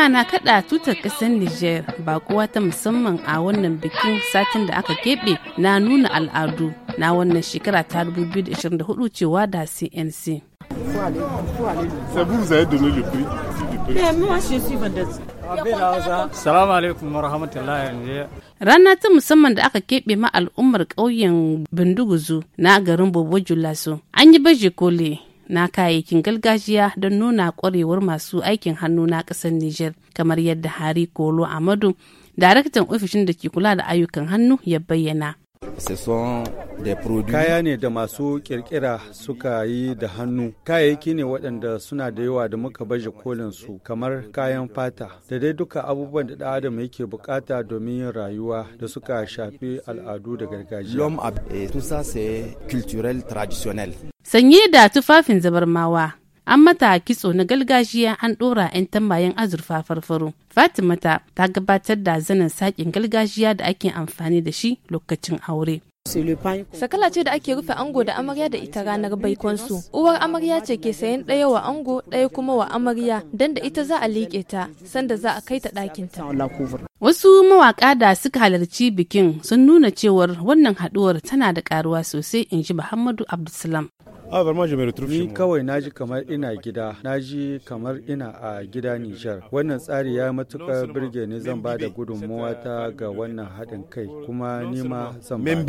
Murna na kada tutar kasar Nijar kowa ta musamman a wannan bikin satin da aka keɓe na nuna al'adu na wannan shekara ta 2024 cewa da CNC. Eh, Rana ta musamman da aka keɓe ma al'ummar ƙauyen Binduguzu na garin Bobo Julaso. An yi baje kole na kayayyakin gargajiya don nuna kwarewar masu aikin hannu na ƙasar Nijar kamar yadda Hari Kolo Amadu, daraktan ofishin da ke kula da ayyukan hannu ya bayyana. da Kaya ne da masu kirkira suka yi da hannu. Kayayyaki ne waɗanda suna da yawa da muka baje kolin su kamar kayan fata da dai duka abubuwan da ɗan adam yake bukata domin yin rayuwa da suka shafi al'adu da gargajiya. Sanye da tufafin zabarmawa an mata kitso na gargajiya an ɗora 'yan tambayan azurfa farfaro fatima ta gabatar da zanen sakin gargajiya da ake amfani da shi lokacin aure Sakala ce da ake rufe ango da amarya da ita ranar baikonsu. Uwar amarya ce ke sayan ɗaya wa ango ɗaya kuma wa amarya don da ita za a liƙe ta sanda za a kai ta ɗakinta. Wasu mawaƙa da suka halarci bikin sun nuna cewar wannan haɗuwar tana da ƙaruwa sosai in ji Muhammadu Abdulsalam. Ni kawai na ji kamar ina gida, na ji kamar ina a gida Nijar. Wannan tsari ya matuƙar birge ni zan ba da gudunmuwa ta ga wannan haɗin kai kuma ni ma zan ba.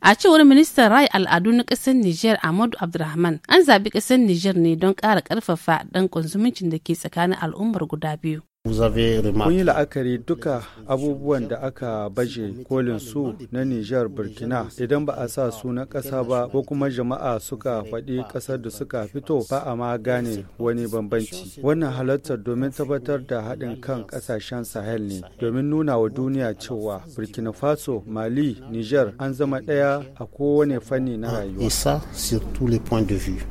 A cewar ministan rai al'adu na ƙasar Nijar Ahmadu Abdulrahman, an zaɓi ƙasar Nijar ne don ƙara ƙarfafa ɗan kunzumuncin da ke tsakanin al'ummar guda biyu. Kun yi la'akari duka abubuwan da aka baje kolin su na Nijar Burkina idan ba a sa su na ƙasa ba ko kuma jama'a suka faɗi ƙasar da suka fito ba a ma gane wani bambanci. Wannan halartar domin tabbatar da haɗin kan ƙasashen Sahel ne domin nuna wa duniya cewa Burkina Faso, Mali, Nijar an zama ɗaya a kowane fanni na ah, rayuwa.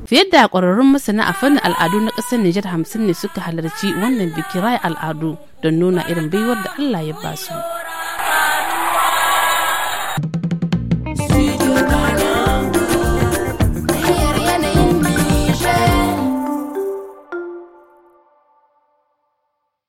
Fiye da ƙwararrun masana a fannin al'adu na ƙasar Nijar hamsin ne suka halarci wannan bikin raya al'adu. al'adu don nuna irin baiwar da Allah ya basu.